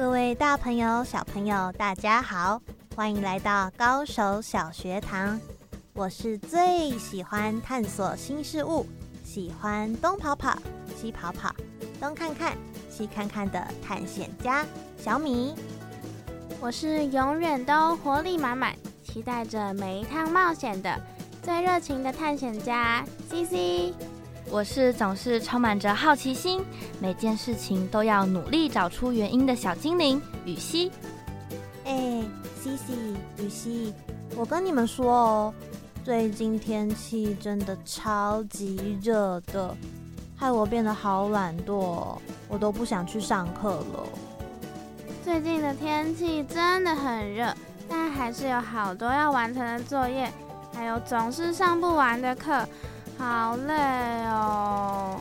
各位大朋友、小朋友，大家好，歡迎來到高手小學堂。我是最喜歡探索新事物、喜歡東跑跑、西跑跑、東看看、西看看的探險家小米。我是永遠都活力滿滿、期待着每一趟冒險的最熱情的探險家西西。Z Z 我是總是充滿着好奇心、每件事情都要努力找出原因的小精靈，雨溪。哎、欸，西西，雨溪，我跟你們說哦，最近天氣真的超級熱的，害我變得好懶惰，我都不想去上課了。最近的天氣真的很熱，但還是有好多要完成的作業，還有總是上不完的課。好累哦！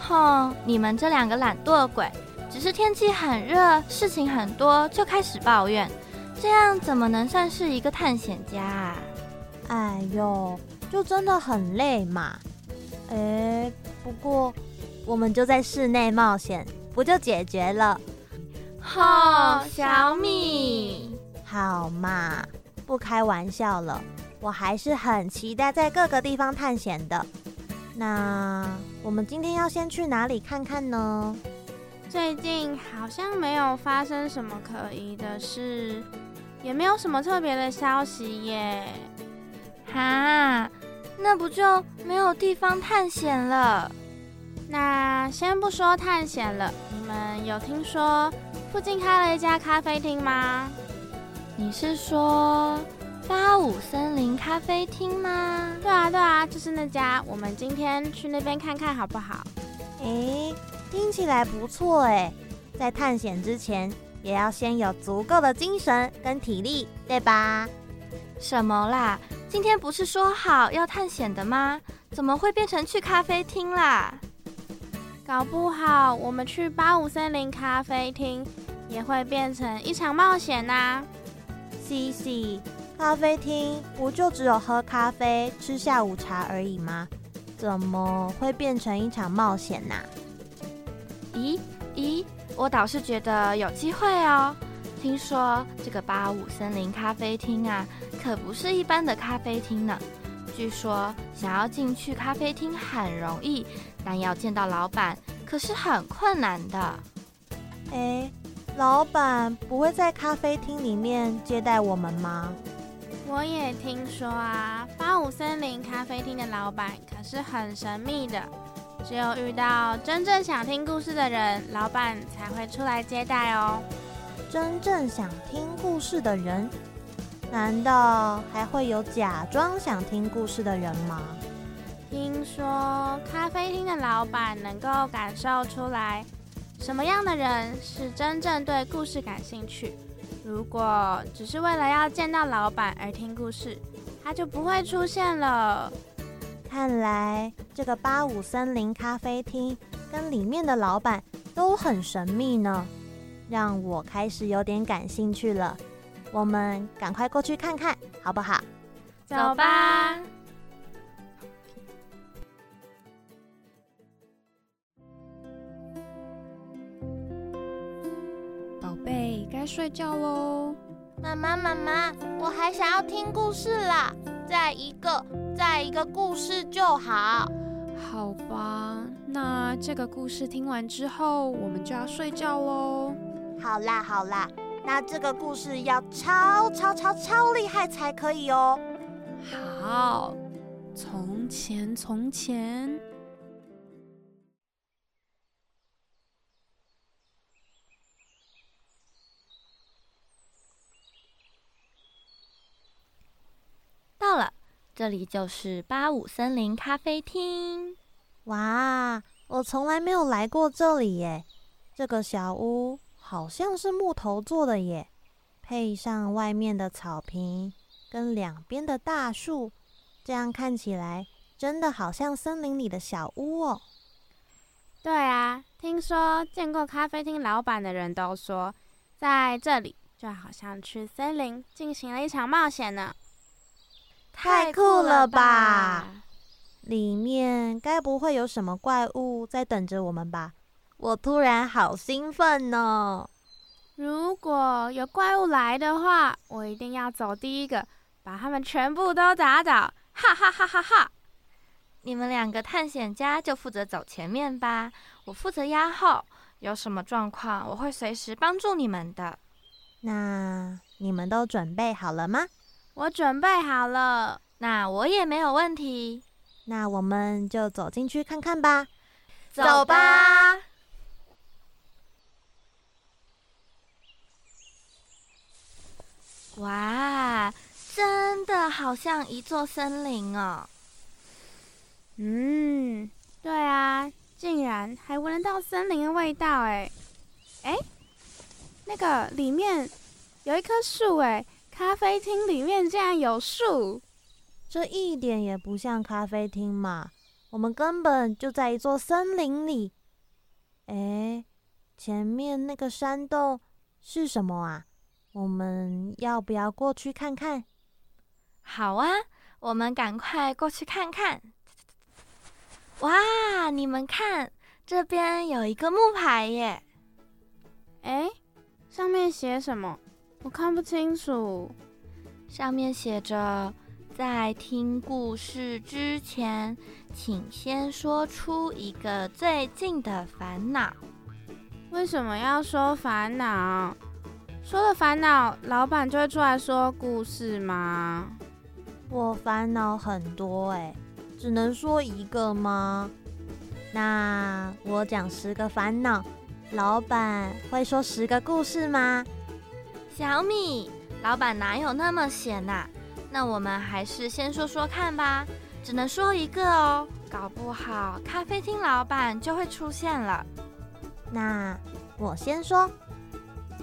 哼，oh, 你們這兩個懶惰鬼，只是天氣很熱，事情很多，就開始抱怨，這樣怎麼能算是一個探險家啊？哎呦，就真的很累嘛！哎，不過我們就在室內冒險，不就解決了？哼，oh, 小米，好嘛，不開玩笑了。我還是很期待在各個地方探險的。那我們今天要先去哪裡看看呢？最近好像沒有發生什麼可疑的事，也沒有什麼特別的消息耶。哈，那不就沒有地方探險了？那先不說探險了，你們有聽說附近開了一家咖啡廳嗎？你是說？八五森林咖啡廳嗎？對啊，對啊，就是那家。我們今天去那邊看看好不好？誒，聽起來不錯誒，在探險之前，也要先有足夠的精神跟體力，對吧？什麼啦？今天不是說好要探險的嗎？怎麼會變成去咖啡廳啦？搞不好我們去八五森林咖啡廳也會變成一場冒險吶、啊，嘻嘻。咖啡廳不就只有喝咖啡、吃下午茶而已嗎？怎麼會變成一場冒險呢、啊？咦咦，我倒是覺得有機會哦。聽說這個85森林咖啡廳啊，可不是一般的咖啡廳呢。據說想要進去咖啡廳很容易，但要見到老闆可是很困難的。哎，老闆不會在咖啡廳裡面接待我們嗎？我也聽說啊，八五森林咖啡廳的老板可是很神秘的，只有遇到真正想聽故事的人，老板才會出來接待哦。真正想聽故事的人，難道還會有假裝想聽故事的人嗎？聽說咖啡廳的老板能夠感受出來，什麼樣的人是真正對故事感興趣。如果只是為了要見到老板而聽故事，他就不會出現了。看來這個八五森林咖啡廳跟裡面的老板都很神秘呢，讓我開始有點感興趣了。我們趕快過去看看好不好？走吧。寶貝該睡覺嘍，媽媽媽媽，我還想要聽故事啦，再一個再一個故事就好。好吧，那這個故事聽完之後，我們就要睡覺嘍。好啦好啦，那這個故事要超超超超厲害才可以哦。好，從前從前。這裡就是八五森林咖啡廳。哇，我從來沒有來過這裡耶！這個小屋好像是木頭做的耶，配上外面的草坪跟兩邊的大樹，這樣看起來真的好像森林裡的小屋哦。對啊，聽說見過咖啡廳老闆的人都說，在這裡就好像去森林進行了一場冒險呢。太酷了吧！裡面該不會有什麼怪物在等着我們吧？我突然好興奮呢、哦！如果有怪物來的話，我一定要走第一個，把他們全部都打倒！哈哈哈哈哈！你們兩個探險家就負責走前面吧，我負責押後。有什麼狀況，我會隨時幫助你們的。那你們都準備好了嗎？我準備好了，那我也沒有問題。那我們就走進去看看吧。走吧。走吧。哇，真的好像一座森林哦。嗯，對啊，竟然還聞到森林的味道哎、欸。哎、欸，那個裡面有一棵樹哎、欸。咖啡廳裡面竟然有樹，這一點也不像咖啡廳嘛！我們根本就在一座森林裡。哎，前面那個山洞是什麼啊？我們要不要過去看看？好啊，我們趕快過去看看。哇，你們看，這邊有一個木牌耶。哎，上面寫什麼？我看不清楚，上面寫着：“在聽故事之前，請先說出一個最近的煩惱。”為什麼要說煩惱？說了煩惱，老板就會出來說故事嗎？我煩惱很多誒，只能說一個嗎？那我講十個煩惱，老板會說十個故事嗎？小米老板哪有那麼閒吶？那我們還是先說說看吧，只能說一個哦，搞不好咖啡廳老板就會出現了。那我先說，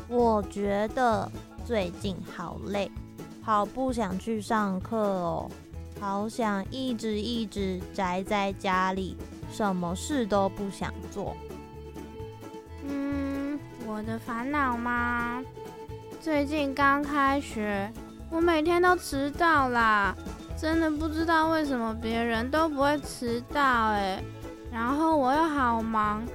我覺得最近好累，好不想去上課哦，好想一直一直宅在家裡，什麼事都不想做。嗯，我的煩惱嗎？最近剛開學，我每天都遲到啦，真的不知道為什麼別人都不會遲到欸。然後我又好忙，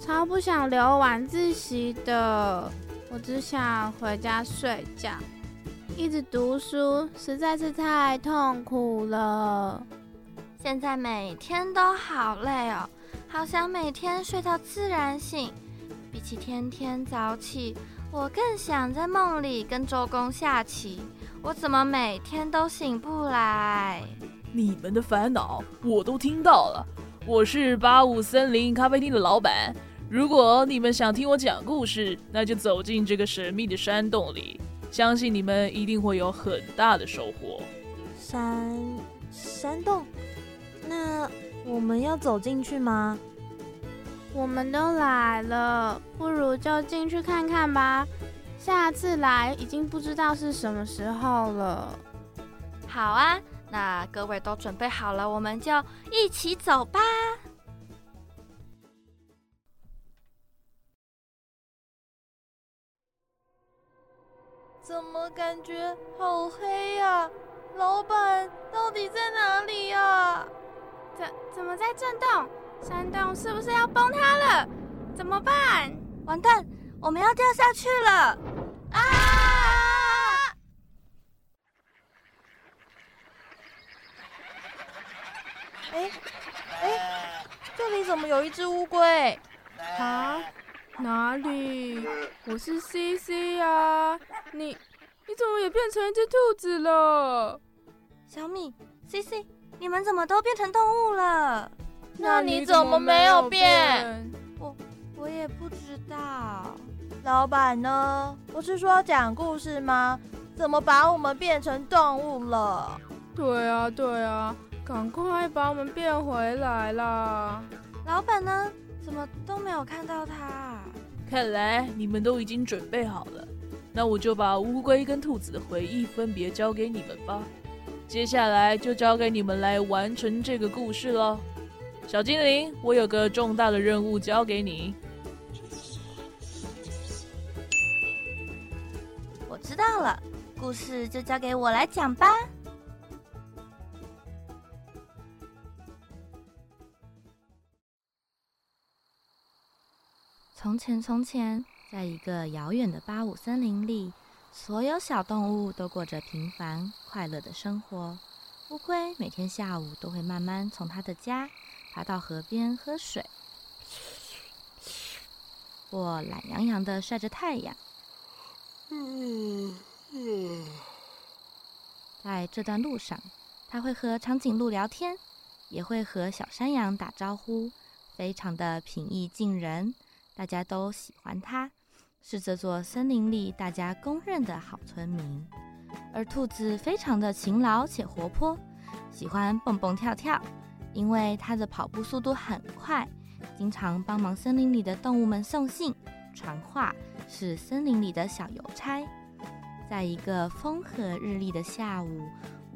超不想留晚自習的，我只想回家睡覺。一直讀書實在是太痛苦了，現在每天都好累哦，好想每天睡到自然醒。比起天天早起，我更想在夢裡跟周公下棋，我怎麼每天都醒不來？你們的煩惱我都聽到了。我是八五森林咖啡廳的老板，如果你們想聽我講故事，那就走進這個神秘的山洞裡，相信你們一定會有很大的收穫。山、山洞？那我們要走進去嗎？我們都來了，不如就進去看看吧。下次來已經不知道是什麼時候了。好啊，那各位都準備好了，我們就一起走吧。怎麼感覺好黑呀？老板到底在哪裡呀？怎怎麼在震動？山洞是不是要崩塌了？怎麼辦？完蛋，我們要掉下去了！啊！哎哎、啊，欸欸，這裡怎麼有一隻烏龜？啊？哪裡？我是 CC 呀，你你怎麼也變成一隻兔子了？小米，CC，你們怎麼都變成動物了？那你,那你怎麼沒有變？我我也不知道。老板呢？不是說要講故事嗎？怎麼把我們變成動物了？對啊對啊，趕快把我們變回來啦！老板呢？怎麼都沒有看到他？看來你們都已經準備好了，那我就把烏龜跟兔子的回憶分別交給你們吧。接下來就交給你們來完成這個故事了。小精靈，我有個重大的任務交給你。我知道了，故事就交給我來講吧。從前，從前，在一個遙遠的八五森林裡，所有小動物都過着平凡快樂的生活。烏龜每天下午都會慢慢從它的家。爬到河邊喝水，或懶洋洋地曬着太陽。嗯嗯、在這段路上，他會和長頸鹿聊天，也會和小山羊打招呼，非常的平易近人，大家都喜歡他，是這座森林裡大家公認的好村民。而兔子非常的勤勞且活潑，喜歡蹦蹦跳跳。因為它的跑步速度很快，經常幫忙森林裡的動物們送信、傳話，是森林裡的小郵差。在一個風和日麗的下午，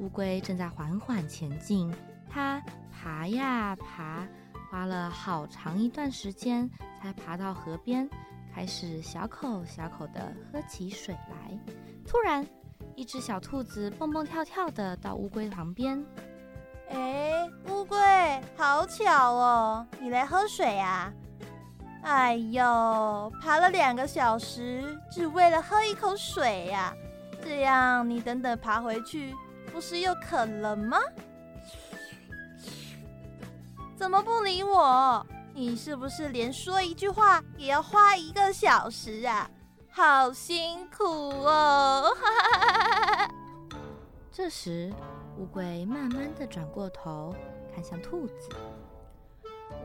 烏龜正在緩緩前進，它爬呀爬，花了好長一段時間才爬到河邊，開始小口小口地喝起水來。突然，一隻小兔子蹦蹦跳跳地到烏龜旁邊，哎。烏龜，好巧哦，你來喝水啊！哎呦，爬了兩個小時，只為了喝一口水呀，啊！這樣你等等爬回去，不是又渴了嗎？怎麼不理我？你是不是連說一句話也要花一個小時啊？好辛苦哦！這時，烏龜慢慢地轉過頭。看像兔子，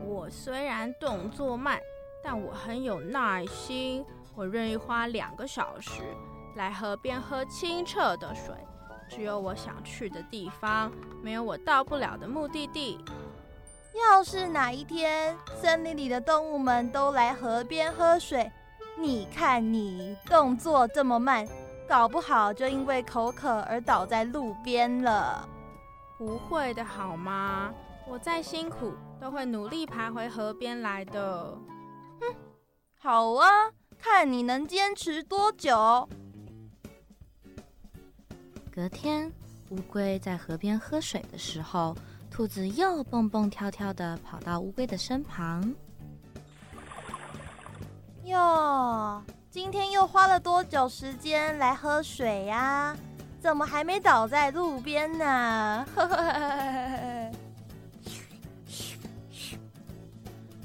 我雖然動作慢，但我很有耐心。我願意花兩個小時來河邊喝清澈的水。只有我想去的地方，沒有我到不了的目的地。要是哪一天森林裡的動物們都來河邊喝水，你看你動作這麼慢，搞不好就因為口渴而倒在路邊了。不會的，好嗎？我再辛苦，都會努力爬回河邊來的。哼、嗯，好啊，看你能堅持多久。隔天，烏龜在河邊喝水的時候，兔子又蹦蹦跳跳地跑到烏龜的身旁。喲，今天又花了多久時間來喝水呀、啊？怎麼還沒倒在路邊呢、啊？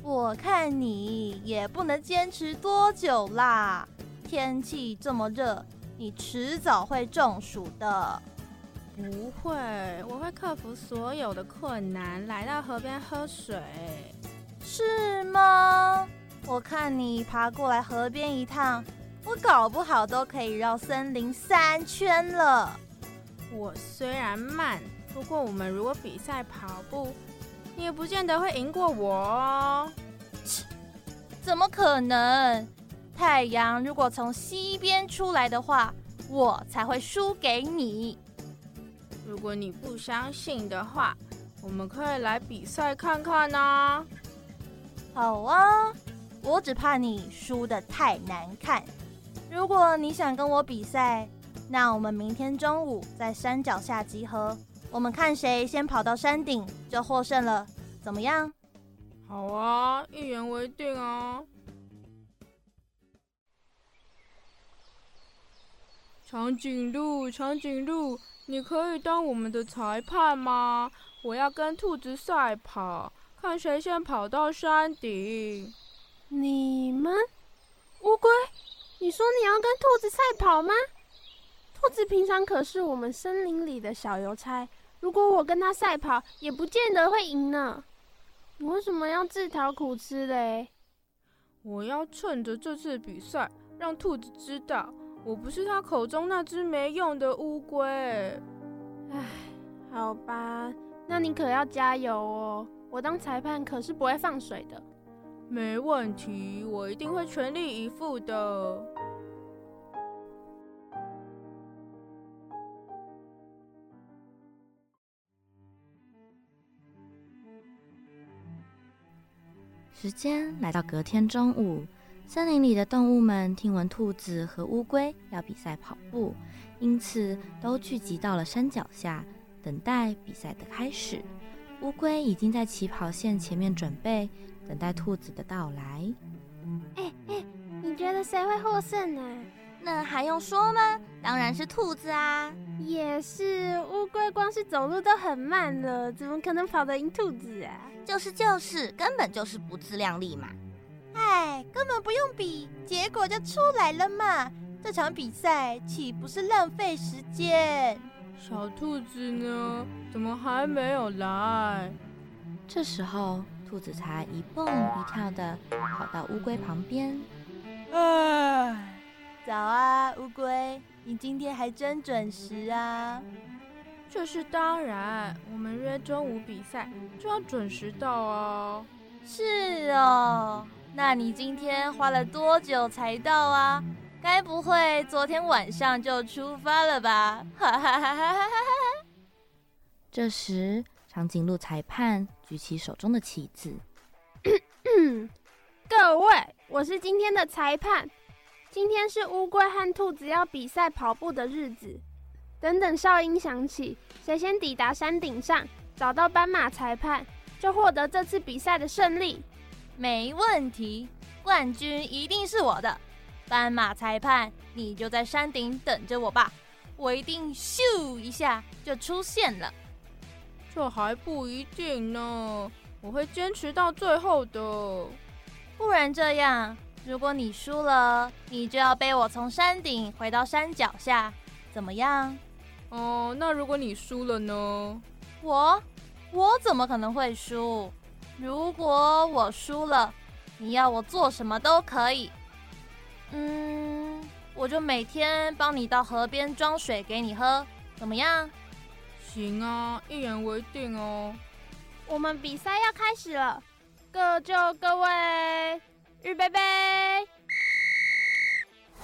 我看你也不能堅持多久啦，天氣這麼熱，你遲早會中暑的。不會，我會克服所有的困難，來到河邊喝水。是嗎？我看你爬過來河邊一趟，我搞不好都可以繞森林三圈了。我雖然慢，不過我們如果比賽跑步。你也不見得會贏過我哦。切！怎麼可能？太陽如果從西邊出來的話，我才會輸給你。如果你不相信的話，我們可以來比賽看看啊。好啊，我只怕你輸得太難看。如果你想跟我比賽，那我們明天中午在山腳下集合。我們看誰先跑到山頂就獲勝了，怎麼樣？好啊，一言為定哦、啊。長頸鹿，長頸鹿，你可以當我們的裁判嗎？我要跟兔子賽跑，看誰先跑到山頂。你們，烏龜，你說你要跟兔子賽跑嗎？兔子平常可是我們森林裡的小郵差。如果我跟他賽跑，也不見得會贏呢。你為什麼要自討苦吃嘞？我要趁着這次比賽，讓兔子知道我不是他口中那隻沒用的烏龜。唉，好吧，那你可要加油哦！我當裁判可是不會放水的。沒問題，我一定會全力以赴的。時間來到隔天中午，森林裡的動物們聽聞兔子和烏龜要比賽跑步，因此都聚集到了山腳下，等待比賽的開始。烏龜已經在起跑線前面準備，等待兔子的到來。哎哎，你覺得誰會獲勝呢啊？那還用說嗎？當然是兔子啊！也是，烏龜光是走路都很慢了，怎麼可能跑得贏兔子啊？就是就是，根本就是不自量力嘛！哎，根本不用比，結果就出來了嘛！這場比賽豈不是浪費時間？小兔子呢？怎麼還沒有來？這時候，兔子才一蹦一跳地跑到烏龜旁邊。哎。早啊，烏龜，你今天還真準時啊！這是當然，我們約中午比賽，就要準時到啊、哦。是哦，那你今天花了多久才到啊？該不會昨天晚上就出發了吧？ 這時，長頸鹿裁判舉起手中的旗子。咳咳，各位，我是今天的裁判。今天是烏龜和兔子要比賽跑步的日子。等等，哨音響起，誰先抵達山頂上，找到斑馬裁判，就獲得這次比賽的勝利。沒問題，冠軍一定是我的。斑馬裁判，你就在山頂等着我吧，我一定咻一下就出現了。這還不一定呢，我會堅持到最後的。不然這樣，如果你輸了，你就要背我從山頂回到山腳下，怎麼樣？哦、呃，那如果你輸了呢？我，我怎麼可能會輸？如果我輸了，你要我做什麼都可以。嗯，我就每天幫你到河邊裝水給你喝，怎麼樣？行啊，一言為定哦。我們比賽要開始了，各就各位。拜拜！預備。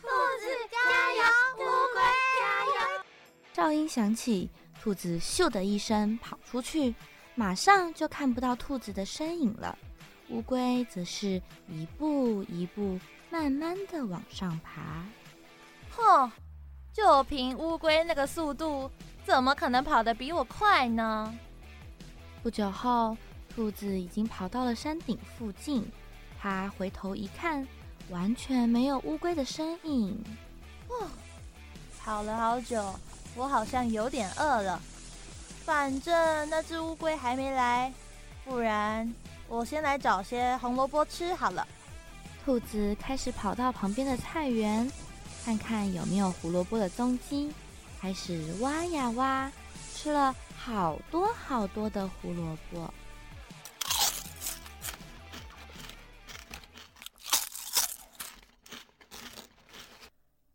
兔子加油，烏龜加油。哨音響起，兔子咻的一聲跑出去，馬上就看不到兔子的身影了。烏龜則是一步一步，慢慢的往上爬。哼，就憑烏龜那個速度，怎麼可能跑得比我快呢？不久後。兔子已經跑到了山頂附近，它回頭一看，完全沒有烏龜的身影。哇、哦，跑了好久，我好像有點餓了。反正那只烏龜還沒來，不然我先來找些紅蘿蔔吃好了。兔子開始跑到旁邊的菜園，看看有沒有胡蘿蔔的蹤跡，開始挖呀挖，吃了好多好多的胡蘿蔔。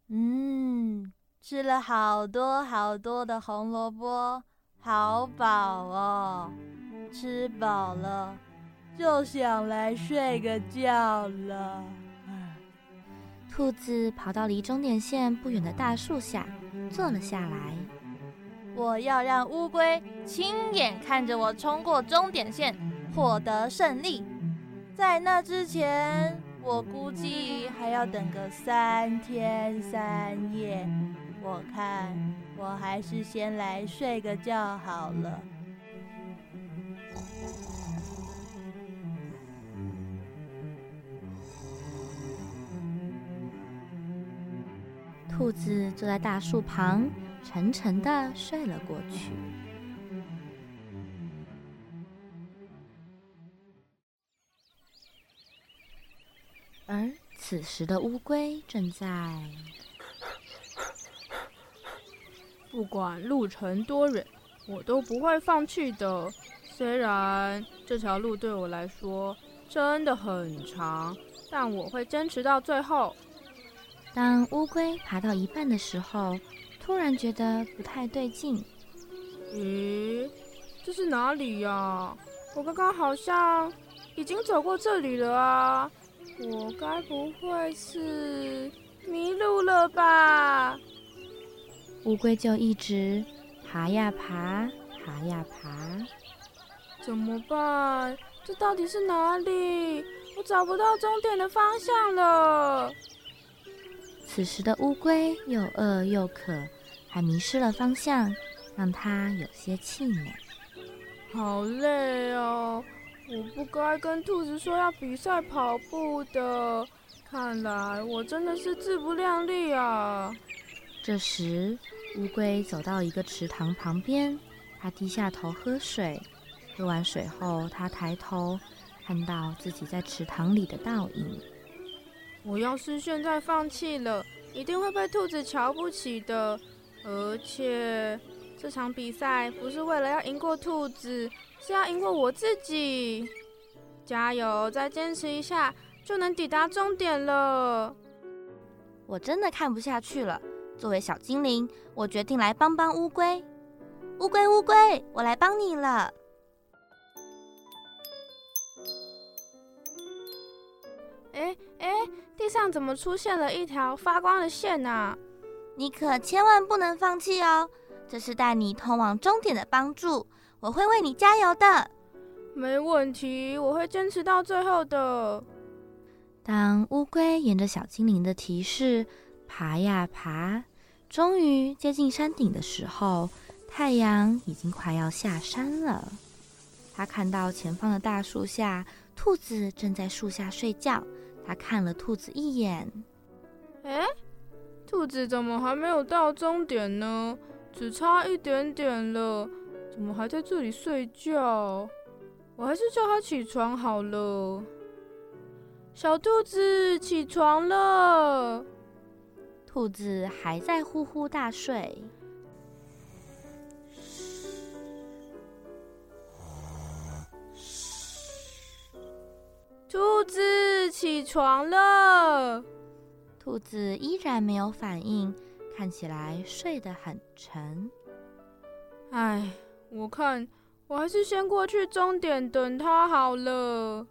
嗯，吃了好多好多的紅蘿蔔，好飽哦！吃飽了，就想來睡個覺了。兔子跑到離終點線不遠的大樹下，坐了下來。我要讓烏龜親眼看着我衝過終點線，獲得勝利。在那之前。我估計還要等個三天三夜，我看我還是先來睡個覺好了。兔子坐在大樹旁，沉沉的睡了過去。而此時的烏龜正在，不管路程多遠，我都不會放棄的。雖然這條路對我來說真的很長，但我會堅持到最後。當烏龜爬到一半的時候，突然覺得不太對勁。咦，這是哪裡呀？我剛剛好像已經走過這裡了啊。我該不會是迷路了吧？烏龜就一直爬呀爬，爬呀爬。怎麼辦？這到底是哪裡？我找不到終點的方向了。此時的烏龜又餓又渴，還迷失了方向，讓它有些氣餒。好累哦。我不該跟兔子說要比賽跑步的，看來我真的是自不量力啊。這時，烏龜走到一個池塘旁邊，他低下頭喝水，喝完水後，他抬頭看到自己在池塘裡的倒影。我要是現在放棄了，一定會被兔子瞧不起的，而且這場比賽不是為了要贏過兔子。是要贏過我自己，加油，再堅持一下，就能抵達終點了。我真的看不下去了。作為小精靈，我決定來幫幫烏龜。烏龜，烏龜，我來幫你了。哎哎，地上怎麼出現了一條發光的線呢？啊？你可千萬不能放棄哦，這是帶你通往終點的幫助。我會為你加油的。沒問題，我會堅持到最後的。當烏龜沿着小精靈的提示爬呀爬，終於接近山頂的時候，太陽已經快要下山了。他看到前方的大樹下，兔子正在樹下睡覺。他看了兔子一眼。哎，兔子怎麼還沒有到終點呢？只差一點點了。怎麼還在這裡睡覺？我還是叫他起床好了。小兔子起床了。兔子還在呼呼大睡。兔子起床了。兔子依然沒有反應，看起來睡得很沉。哎。我看我還是先過去終點等他好了。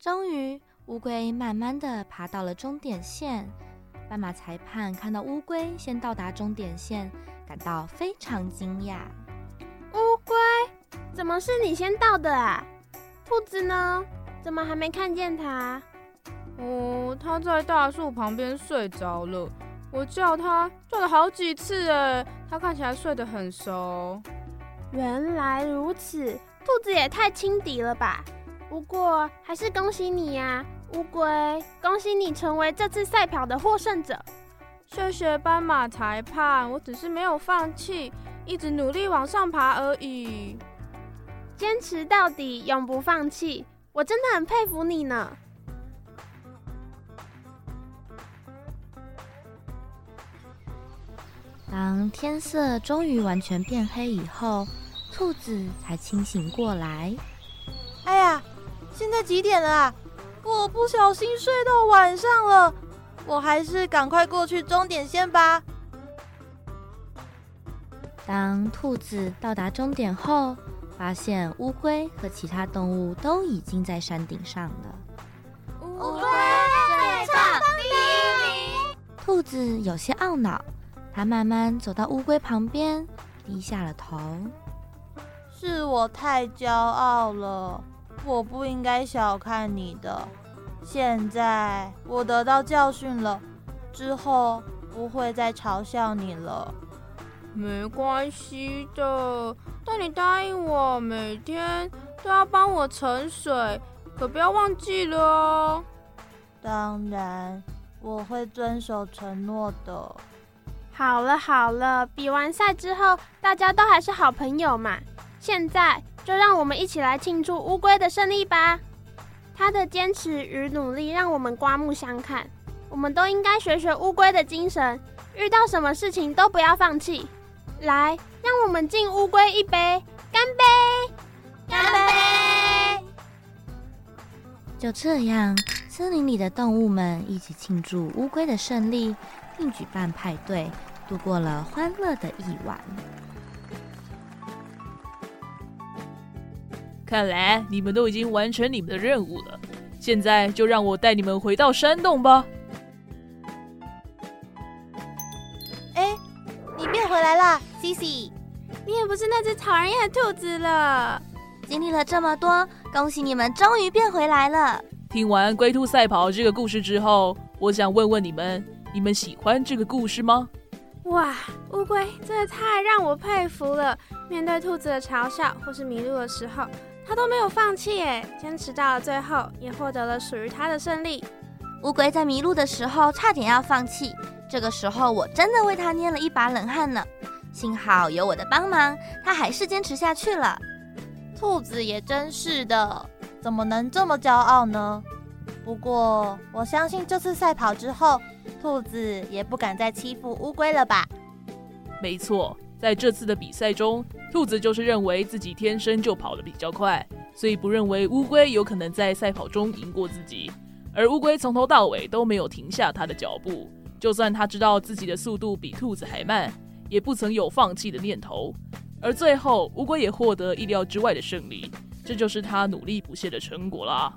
終於，烏龜慢慢地爬到了終點線。斑馬裁判看到烏龜先到達終點線，感到非常驚訝。烏龜，怎麼是你先到的啊？兔子呢？怎麼還沒看見它？哦，它在大樹旁邊睡着了。我叫它叫了好幾次，哎，它看起來睡得很熟。原來如此，兔子也太輕敵了吧！不過還是恭喜你呀、啊，烏龜，恭喜你成為這次賽跑的獲勝者。謝謝斑馬裁判，我只是沒有放棄，一直努力往上爬而已。堅持到底，永不放棄，我真的很佩服你呢。當天色終於完全變黑以後。兔子才清醒過來。哎呀，現在幾點了啊？我不小心睡到晚上了。我還是趕快過去終點線吧。當兔子到達終點後，發現烏龜和其他動物都已經在山頂上了。烏龜在上第一名。兔子有些懊惱，它慢慢走到烏龜旁邊，低下了頭。是我太驕傲了，我不應該小看你的。現在我得到教訓了，之後不會再嘲笑你了。沒關係的，但你答應我每天都要幫我盛水，可不要忘記了哦。當然，我會遵守承諾的。好了好了，比完賽之後，大家都還是好朋友嘛。現在就讓我們一起來慶祝烏龜的勝利吧！他的堅持與努力讓我們刮目相看，我們都應該學學烏龜的精神，遇到什麼事情都不要放棄。來，讓我們敬烏龜一杯，乾杯！乾杯！就這樣，森林裡的動物們一起慶祝烏龜的勝利，並舉辦派對，度過了歡樂的一晚。看來你們都已經完成你們的任務了，現在就讓我帶你們回到山洞吧。哎，你變回來了，西西，你也不是那只討人厭的兔子了。經歷了這麼多，恭喜你們終於變回來了。聽完龜兔賽跑這個故事之後，我想問問你們，你們喜歡這個故事嗎？哇，烏龜真的太讓我佩服了，面對兔子的嘲笑或是迷路的時候。他都沒有放棄耶，堅持到了最後，也獲得了屬於他的勝利。烏龜在迷路的時候差點要放棄，這個時候我真的為他捏了一把冷汗呢。幸好有我的幫忙，他還是堅持下去了。兔子也真是的，怎麼能這麼驕傲呢？不過我相信這次賽跑之後，兔子也不敢再欺負烏龜了吧？沒錯。在這次的比賽中，兔子就是認為自己天生就跑得比較快，所以不認為烏龜有可能在賽跑中贏過自己。而烏龜從頭到尾都沒有停下它的腳步，就算它知道自己的速度比兔子還慢，也不曾有放棄的念頭。而最後，烏龜也獲得意料之外的勝利，這就是它努力不懈的成果啦。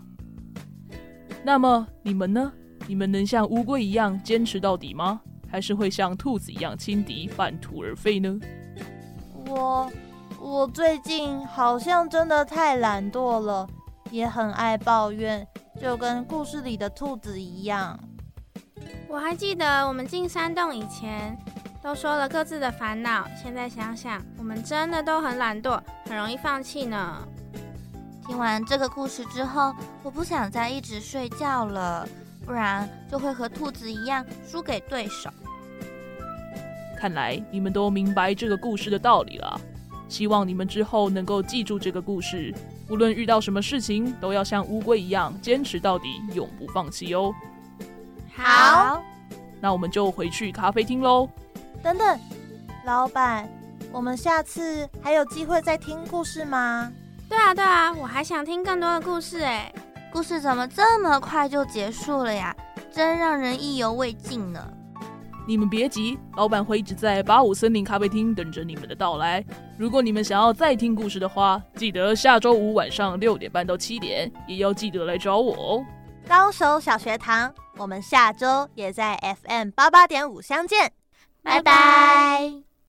那麼你們呢？你們能像烏龜一樣堅持到底嗎？還是會像兔子一樣輕敵、半途而廢呢？我我最近好像真的太懶惰了，也很愛抱怨，就跟故事裡的兔子一樣。我還記得我們進山洞以前都說了各自的煩惱，現在想想，我們真的都很懶惰，很容易放棄呢。聽完這個故事之後，我不想再一直睡覺了。不然就會和兔子一樣輸給對手。看來你們都明白這個故事的道理了，希望你們之後能夠記住這個故事。無論遇到什麼事情，都要像烏龜一樣堅持到底，永不放棄哦。好，那我們就回去咖啡廳嘍。等等，老闆，我們下次還有機會再聽故事嗎？對啊對啊，我還想聽更多的故事誒。故事怎麼這麼快就結束了呀？真讓人意猶未盡呢。你們別急，老板會一直在八五森林咖啡廳等着你們的到來。如果你們想要再聽故事的話，記得下周五晚上六點半到七點也要記得來找我哦。高手小學堂，我們下周也在 FM 八八點五相見，拜拜。拜拜。